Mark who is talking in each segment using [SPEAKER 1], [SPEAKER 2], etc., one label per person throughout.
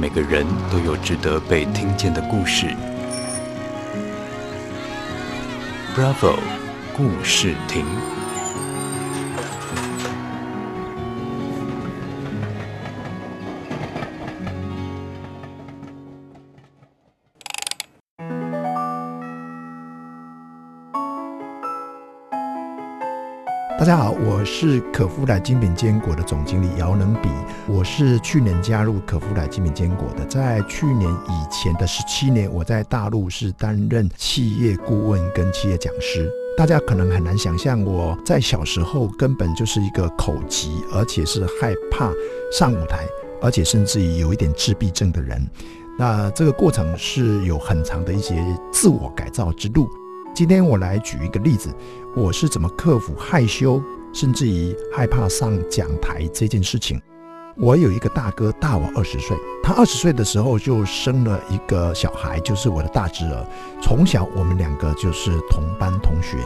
[SPEAKER 1] 每個人都有值得被聽見的故事。Bravo，故事亭。大家好，我是可夫萊精品堅果的總經理姚能筆。我是去年加入可夫萊精品堅果的，在去年以前的十七年，我在大陸是擔任企業顧問跟企業講師。大家可能很難想象，我在小時候根本就是一個口吃，而且是害怕上舞台，而且甚至於有一點自閉症的人。那這個過程是有很長的一些自我改造之路。今天我來舉一個例子，我是怎麼克服害羞，甚至於害怕上講台這件事情。我有一個大哥，大我二十歲，他二十歲的時候就生了一個小孩，就是我的大侄兒。從小我們兩個就是同班同學。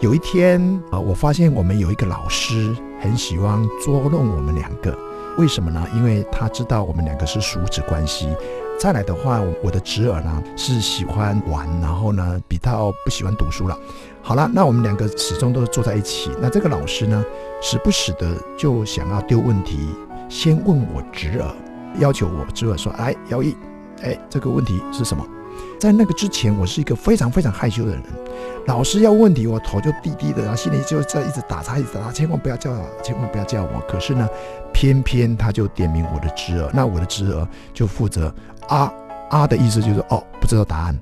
[SPEAKER 1] 有一天啊，我發現我們有一個老師很喜歡捉弄我們兩個。為什麼呢？因為他知道我們兩個是叔侄關係。再來的話，我，我的侄兒呢是喜歡玩，然後呢比較不喜歡讀書了。好了，那我們兩個始終都坐在一起。那這個老師呢，時不時的就想要丟問題，先問我侄兒，要求我侄兒說：“哎，姚毅，哎，這個問題是什麼？”在那個之前，我是一個非常非常害羞的人。老師要問題，我頭就低低的，然後心裡就在一直打岔，一直打岔，千萬不要叫，千萬不要叫我。可是呢，偏偏他就點名我的侄兒，那我的侄兒就負責啊啊的意思，就是哦，不知道答案。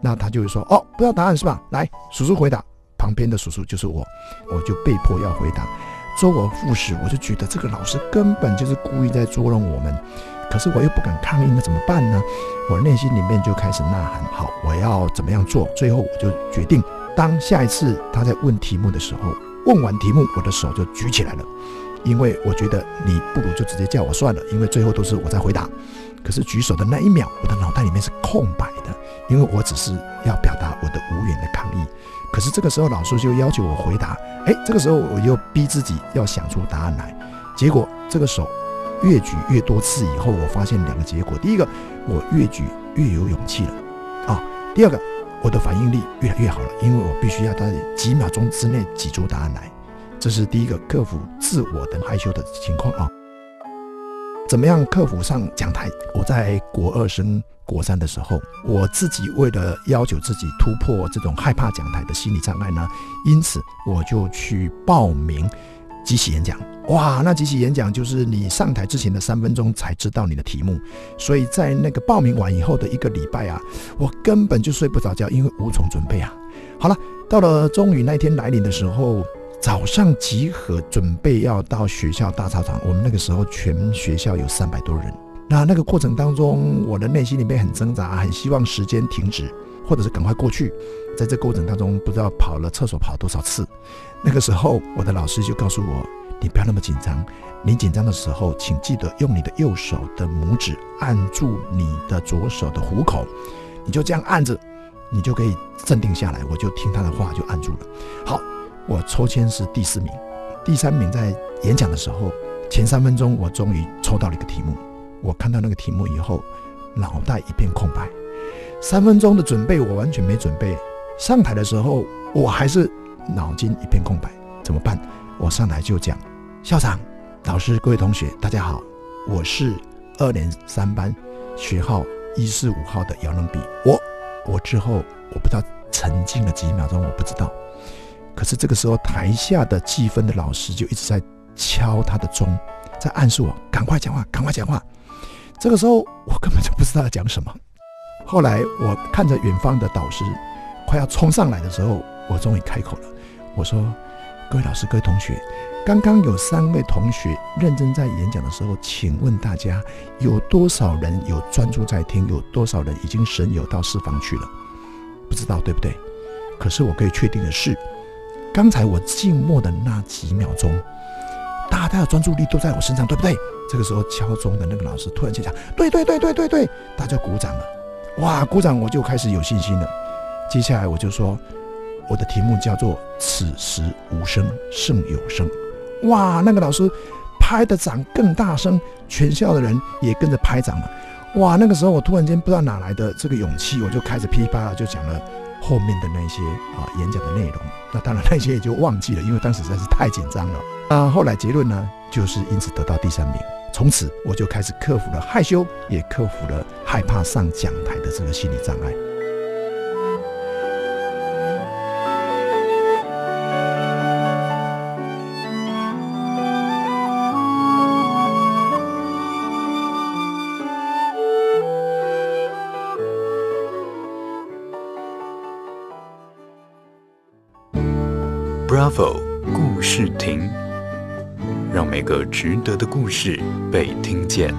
[SPEAKER 1] 那他就會說哦，不知道答案是吧？來，叔叔回答。旁邊的叔叔就是我，我就被迫要回答，周而復始，我就覺得這個老師根本就是故意在捉弄我們。可是我又不敢抗議，那怎麼辦呢？我內心裡面就開始吶喊：好，我要怎麼樣做？最後我就決定，當下一次他在問題目的時候，問完題目，我的手就舉起來了，因為我覺得你不如就直接叫我算了，因為最後都是我在回答。可是舉手的那一秒，我的腦袋裡面是空白的，因為我只是要表達我的無言的抗議。可是這個時候，老師就要求我回答，誒、欸，這個時候我又逼自己要想出答案來，結果這個手。越舉越多次以後，我發現兩個結果：第一個，我越舉越有勇氣了，啊；第二個，我的反應力越來越好了，因為我必須要在幾秒鐘之內擠出答案來。這是第一個克服自我的害羞的情況啊。怎麼樣克服上講台？我在國二升國三的時候，我自己為了要求自己突破這種害怕講台的心理障礙呢，因此我就去報名，即席演講，哇！那即席演講就是你上台之前的三分鐘才知道你的題目，所以在那個報名完以後的一個禮拜啊，我根本就睡不着覺，因為無從準備啊。好了，到了終於那天來臨的時候，早上集合，準備要到學校大操場。我們那個時候全學校有三百多人，那那個過程當中，我的內心裡面很掙扎，很希望時間停止。或者是趕快過去，在這過程當中，不知道跑了廁所跑多少次。那個時候，我的老師就告訴我：“你不要那麼緊張，你緊張的時候，請記得用你的右手的拇指按住你的左手的虎口，你就這樣按着，你就可以鎮定下來。”我就聽他的話，就按住了。好，我抽籤是第四名，第三名在演講的時候，前三分鐘我終於抽到了一個題目。我看到那個題目以後，腦袋一片空白。三分鐘的準備，我完全沒準備。上台的時候，我還是腦筋一片空白，怎麼辦？我上台就講：“校長、老師、各位同學，大家好，我是二年三班學號一四五號的姚能筆。”我我之後我不知道沉靜了幾秒鐘，我不知道。可是這個時候，台下的計分的老師就一直在敲他的鐘，在暗示我趕快講話，趕快講話。這個時候，我根本就不知道要講什麼。後來我看着遠方的導師快要衝上來的時候，我終於開口了。我說：“各位老師，各位同學，剛剛有三位同學認真在演講的時候，請問大家有多少人有專注在聽？有多少人已經神遊到四方去了？不知道對不對？可是我可以確定的是，剛才我靜默的那幾秒鐘，大家的專注力都在我身上，對不對？這個時候敲鐘的那個老師突然就講：‘對對對對對對，對！’大家鼓掌了。”哇，鼓掌我就開始有信心了。接下來我就說，我的題目叫做“此時無聲勝有聲”。哇，那個老師拍的掌更大聲，全校的人也跟着拍掌了。哇，那個時候我突然間不知道哪來的這個勇氣，我就開始噼哩啪啦就講了後面的那些啊演講的內容。那當然那些也就忘記了，因為當時實在是太緊張了。啊、呃、後來結論呢？就是因此得到第三名，從此我就開始克服了害羞，也克服了害怕上講台的這個心理障礙。Bravo，故事亭。讓每個值得的故事被聽見。